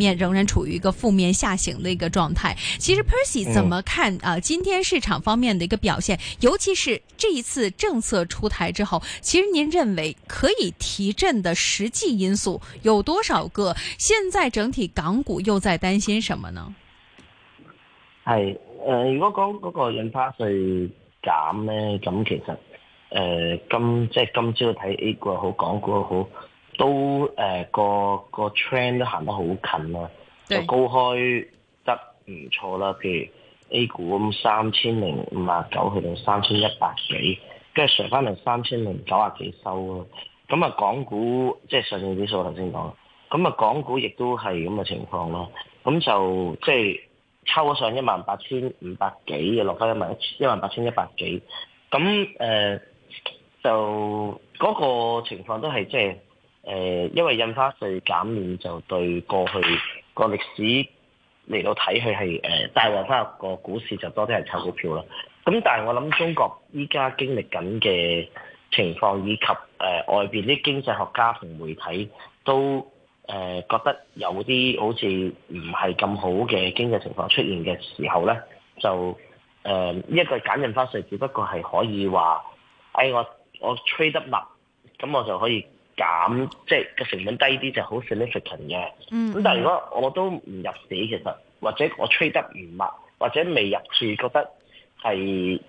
面仍然處於一個負面下行的一個狀態。其實 Percy 怎麼看啊、嗯？今天市場方面的一個表現，尤其是這一次政策出台之後，其實您認為可以提振的實際因素有多少個？現在整體港股又在擔心什麼呢？係，誒、呃，如果講嗰個印花稅減呢，咁、嗯、其實，誒、呃，今即係今朝睇 A 股好，港股好。都誒、呃，那個個 trend 都行得好近啊！就高開得唔錯啦，譬如 A 股咁三千零五十九去到三千一百幾，跟住上翻嚟三千零九十幾收咯。咁啊，港股即係、就是、上證指數頭先講，咁啊，港股亦都係咁嘅情況咯。咁就即係、就是、抽咗上一萬八千五百幾，落翻一萬一萬八千一百幾。咁誒、呃、就嗰、那個情況都係即係。就是誒、呃，因為印花稅減免就對過去個歷史嚟到睇，佢係誒大浪翻入個股市就多啲人炒股票啦。咁但係我諗中國依家經歷緊嘅情況，以及誒、呃、外邊啲經濟學家同媒體都誒、呃、覺得有啲好似唔係咁好嘅經濟情況出現嘅時候咧，就誒一、呃這個減印花稅，只不過係可以話，哎，我我吹得密咁，我就可以。減即係個成本低啲就好 significant 嘅。咁、嗯嗯、但如果我都唔入市，其實或者我吹得唔密，或者未入住覺得係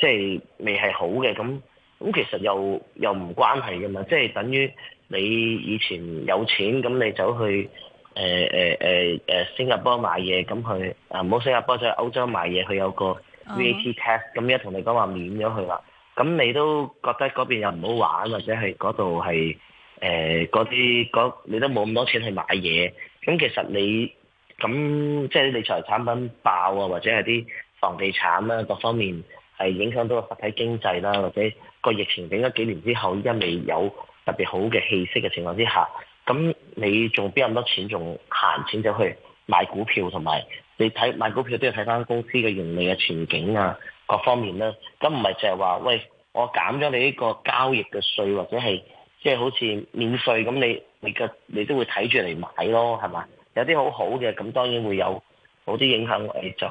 即係未係好嘅咁。咁其實又又唔關係㗎嘛。即係等於你以前有錢咁，你走去誒誒誒誒新加坡買嘢咁去啊，唔好新加坡就去歐洲買嘢，佢有個 VAT tax，咁一同你講話免咗佢啦。咁你都覺得嗰邊又唔好玩，或者係嗰度係誒嗰啲嗰你都冇咁多錢去買嘢。咁其實你咁即係理財產品爆啊，或者係啲房地產啦、啊、各方面係影響到個實體經濟啦、啊，或者個疫情整咗幾年之後依家未有特別好嘅氣息嘅情況之下，咁你仲邊咁多錢仲閒錢走去買股票，同埋你睇買股票都要睇翻公司嘅盈利嘅、啊、前景啊！各方面啦，咁唔係就係話，喂，我減咗你呢個交易嘅稅，或者係即係好似免稅咁，你你嘅你都會睇住嚟買咯，係嘛？有啲好好嘅，咁當然會有好啲影響，我哋、哎、就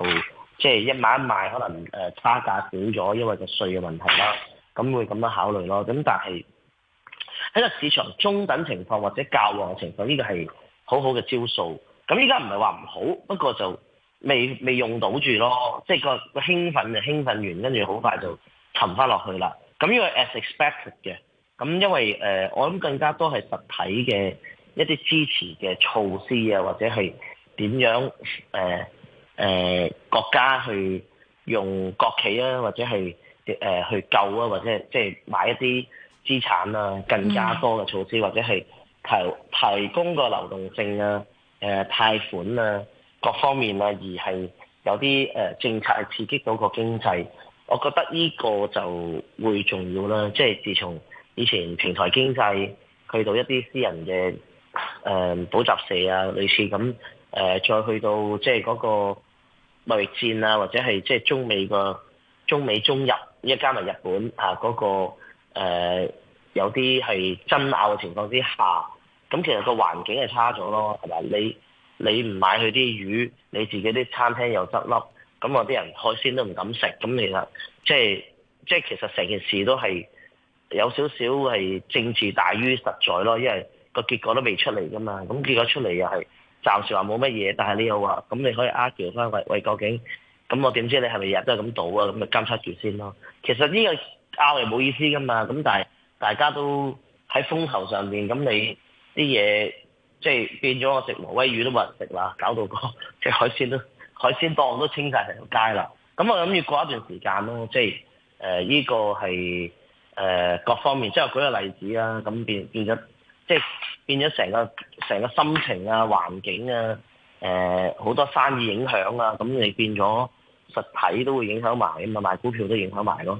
即係、就係、一買一賣，可能誒、呃、差價少咗，因為個稅嘅問題啦，咁會咁樣考慮咯。咁但係喺個市場中等情況或者較旺情況，呢、呢個係好好嘅招數。咁依家唔係話唔好，不過就。未未用到住咯，即係個個興奮就興奮完，跟住好快就沉翻落去啦。咁因為 as expected 嘅，咁因為誒、呃、我諗更加多係實體嘅一啲支持嘅措施啊，或者係點樣誒誒、呃呃、國家去用國企啊，或者係、呃、去救啊，或者即係買一啲資產啊，更加多嘅措施，嗯、或者係提提供個流動性啊，誒、呃、貸款啊。各方面啊，而係有啲誒政策係刺激到個經濟，我覺得呢個就會重要啦。即係自從以前平台經濟去到一啲私人嘅誒、呃、補習社啊，類似咁誒、呃，再去到即係嗰個貿易戰啊，或者係即係中美個中美中日，一加埋日本啊嗰、嗰個誒、呃、有啲係爭拗嘅情況之下，咁其實個環境係差咗咯，係咪？你你唔買佢啲魚，你自己啲餐廳又執笠，咁我啲人海鮮都唔敢食，咁其實即係即係其實成件事都係有少少係政治大於實在咯，因為個結果都未出嚟噶嘛，咁結果出嚟又係暫時話冇乜嘢，但係你又話咁你可以呃住翻喂喂究竟，咁我點知你係咪日日都係咁倒啊？咁咪監測住先咯。其實呢個拗係冇意思噶嘛，咁但係大家都喺風頭上面，咁你啲嘢。即係變咗，我食挪威魚都冇人食啦，搞到個即係海鮮都海鮮檔都，都，都清曬成條街啦。咁我諗住過一段時間咯，即係誒呢個係誒、呃、各方面。即係舉個例子啦，咁變變，咗，即係變咗成個成個心情啊、環境啊、誒、呃、好多生意影響啊，咁你變咗實體都會影響埋㗎嘛，賣股票都影響埋咯。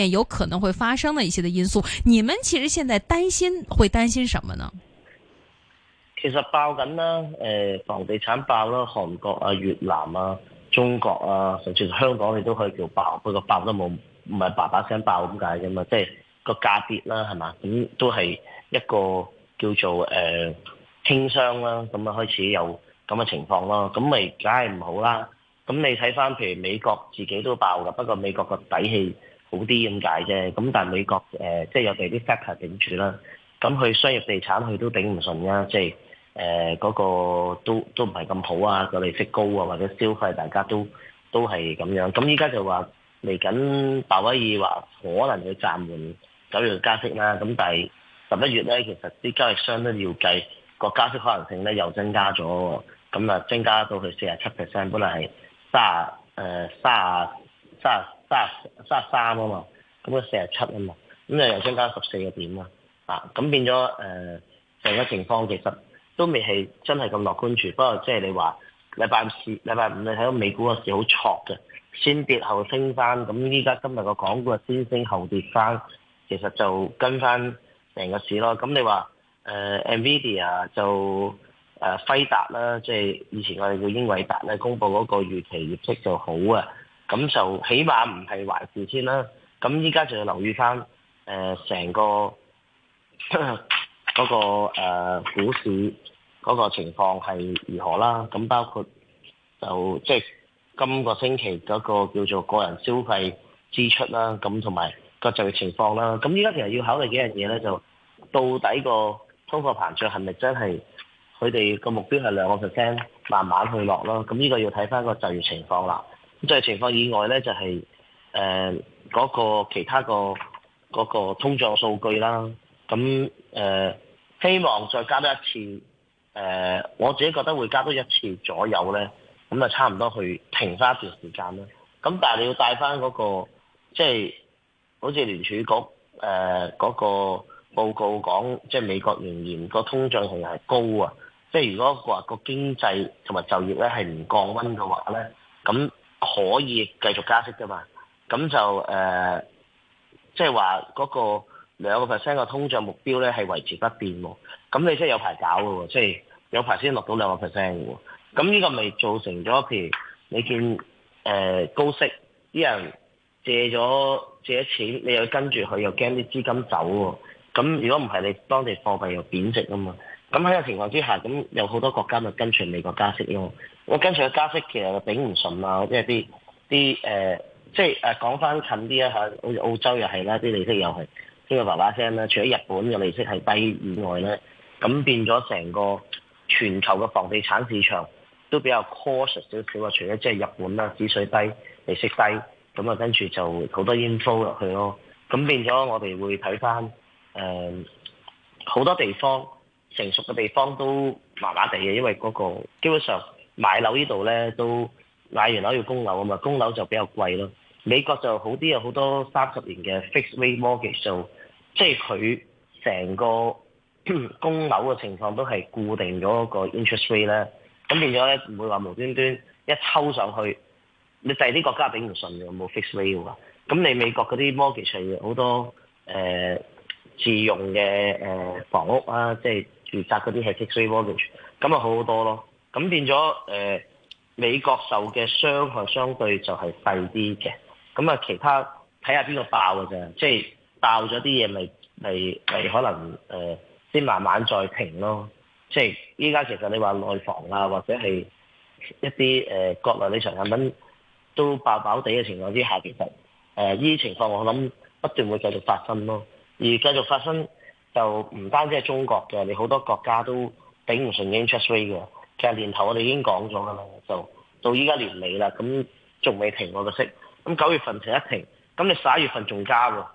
有可能會發生嘅一些的因素，你們其實現在擔心會擔心什麼呢？其實爆緊啦，誒、呃，房地產爆啦，韓國啊、越南啊、中國啊，甚至香港你都可以叫爆，爆都不過爆得冇唔係叭叭聲爆咁解啫嘛，即係個價跌啦，係嘛，咁都係一個叫做誒輕傷啦，咁啊開始有咁嘅情況咯，咁咪梗係唔好啦。咁你睇翻譬如美國自己都爆噶，不過美國個底氣，好啲咁解啫，咁但係美國誒、呃，即係有地啲 factor 頂住啦。咁佢商業地產佢都頂唔順呀。即係誒嗰個都都唔係咁好啊，個利息高啊，或者消費大家都都係咁樣。咁依家就話嚟緊，鮑威爾話可能佢暫緩九月加息啦。咁但係十一月咧，其實啲交易商都要計個加息可能性咧，又增加咗喎。咁啊，增加到去四十七 percent，本嚟係卅誒卅卅。30, 30三十三啊嘛，咁佢四十七啊嘛，咁就又增加十四個點啦，啊，咁變咗誒成、呃、整個情況其實都未係真係咁樂觀住，不過即係你話禮拜四、禮拜五你睇到美股個市好挫嘅，先跌後升翻，咁依家今日個港股啊先升後跌翻，其實就跟翻成個市咯。咁你話誒 Nvidia 就誒、啊、輝達啦，即係以前我哋叫英偉達咧，公布嗰個預期業績就好啊。咁就起碼唔係壞事先啦。咁依家就要留意翻誒成個嗰個誒股市嗰個情況係如何啦。咁包括就即係今個星期嗰個叫做個人消費支出啦，咁同埋個就業情況啦。咁依家其實要考慮幾樣嘢咧，就到底個通貨膨脹係咪真係佢哋個目標係兩個 percent 慢慢去落咯？咁呢個要睇翻個就業情況啦。即係情況以外呢，就係誒嗰個其他個嗰個通脹數據啦。咁誒希望再加多一次誒，我自己覺得會加多一次左右呢，咁就差唔多去停翻一段時間啦。咁但係你要帶翻嗰個，即係好似聯儲局誒嗰個報告講，即係美國仍然個通脹仍然係高啊。即係如果話個經濟同埋就業呢係唔降溫嘅話呢。咁可以繼續加息㗎嘛？咁就誒，即係話嗰個兩個 percent 嘅通脹目標咧係維持不變喎。咁你即係有排搞嘅喎，即係有排先落到兩個 percent 喎。咁呢個咪造成咗，譬如你見誒、呃、高息啲人借咗借咗錢，你又跟住佢，又驚啲資金走喎。咁如果唔係，你當地貨幣又貶值啊嘛。咁喺個情況之下，咁有好多國家咪跟隨美國加息咯。我跟隨個加息，其實就頂唔順啦。即係啲啲誒，即係誒講翻近啲啊，好似澳澳洲又係啦，啲利息又係，聽個爸爸聲啦。除咗日本嘅利息係低以外咧，咁變咗成個全球嘅房地產市場都比較 cautious 少少啊。除咗即係日本啦，指水低，利息低，咁啊跟住就好多 inflow 落去咯。咁變咗我哋會睇翻誒好多地方。成熟嘅地方都麻麻地嘅，因為嗰個基本上買樓呢度咧都買完樓要供樓啊嘛，供樓就比較貴咯。美國就好啲有好多三十年嘅 fixed rate mortgage，即係佢成個供樓嘅情況都係固定咗個 interest rate 咧，咁變咗咧唔會話無端端一抽上去，你第啲國家頂唔順嘅，冇 fixed rate 喎，咁你美國嗰啲 mortgage 上好多誒、呃、自用嘅誒、呃、房屋啊，即係。自殺嗰啲係即 a k e three 咁啊好好多咯，咁變咗誒、呃、美國受嘅傷害相對就係細啲嘅，咁啊其他睇下邊個爆嘅啫，即係爆咗啲嘢咪咪咪可能誒先、呃、慢慢再停咯，即係依家其實你話內房啊或者係一啲誒、呃、國內啲理財產品都爆爆地嘅情況之下，其實誒依啲情況我諗不斷會繼續發生咯，而繼續發生。就唔單止係中國嘅，你好多國家都頂唔順 interest rate 嘅。其實年頭我哋已經講咗嘅啦，就到依家年尾啦，咁仲未停喎個息。咁九月份停一停，咁你十一月份仲加喎。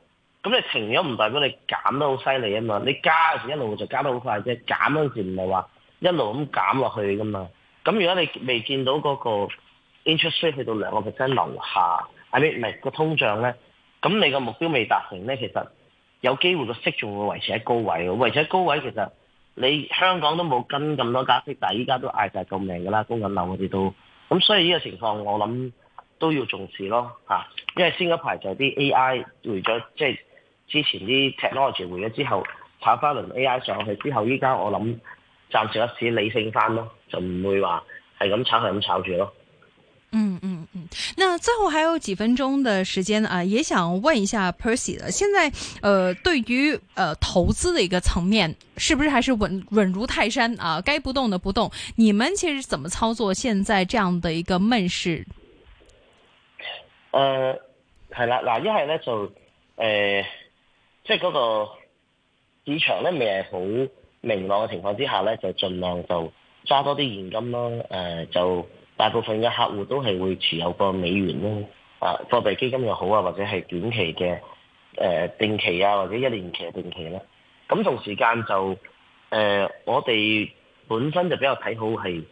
咁你停咗唔代表你減得好犀利啊嘛？你加嘅時候一路就加得好快啫，減嗰時唔係話一路咁減落去噶嘛。咁如果你未見到嗰個 interest rate 去到兩個 percent 樓下，係咪個個通脹咧？咁你個目標未達成咧，其實。有機會個息仲會維持喺高位嘅，維持喺高位其實你香港都冇跟咁多加息，但係依家都嗌晒救命㗎啦，供緊樓我哋都。咁所以呢個情況我諗都要重視咯嚇，因為先一排就啲 AI 回咗，即係之前啲 technology 回咗之後炒翻輪 AI 上去之後，依家我諗暫時一時理性翻咯，就唔會話係咁炒係咁炒住咯。嗯嗯。那最後還有幾分鐘的時間啊，也想問一下 Percy 的，現在呃對於呃投資的一個層面，是不是還是穩穩如泰山啊？該不動的不動，你們其實怎麼操作？現在這樣的一個悶市？呃，係啦，嗱，一係咧就誒，即係嗰個市場咧未係好明朗嘅情況之下咧，就盡量就揸多啲現金咯，誒、呃、就。大部分嘅客戶都係會持有個美元咯，啊貨幣基金又好啊，或者係短期嘅誒、呃、定期啊，或者一年期嘅定期啦。咁同時間就誒、呃，我哋本身就比較睇好係誒、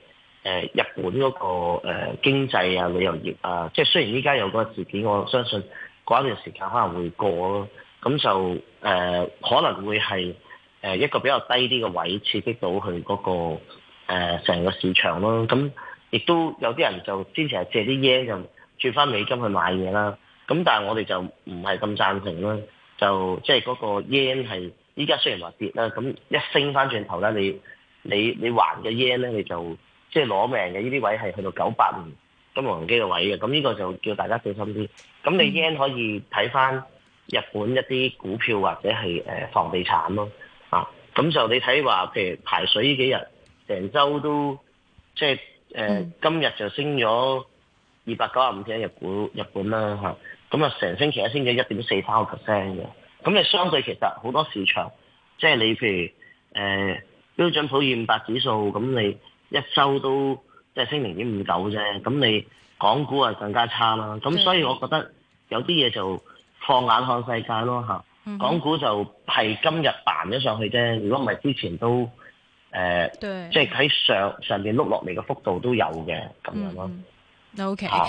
呃、日本嗰、那個誒、呃、經濟啊、旅遊業啊，即係雖然依家有個個事件，我相信嗰一段時間可能會過咯。咁就誒、呃、可能會係誒一個比較低啲嘅位刺激到佢嗰、那個成、呃、個市場咯。咁亦都有啲人就堅持係借啲 yen 就轉翻美金去買嘢啦，咁但係我哋就唔係咁贊成啦，就即係嗰個 yen 係依家雖然話跌啦，咁一升翻轉頭啦你你你還嘅 yen 呢，咧，你就即係攞命嘅，呢啲位係去到九八年金融危機嘅位嘅，咁呢個就叫大家小心啲。咁你 yen 可以睇翻日本一啲股票或者係誒房地產咯，啊，咁就你睇話譬如排水呢幾日成周都即係。就是嗯、今日就升咗二百九十五點，日股日本啦，咁啊成星期一升咗一點四三個 percent 嘅，咁你相對其實好多市場，即、就、係、是、你譬如誒、呃、標準普爾五百指數，咁你一周都即係、就是、升零點五九啫，咁你港股啊更加差啦，咁所以我覺得有啲嘢就放眼看世界咯、嗯、港股就係今日彈咗上去啫，如果唔係之前都。誒、呃，即係喺上上邊碌落嚟嘅幅度都有嘅，咁樣咯。O、嗯、K。嗯 okay. 啊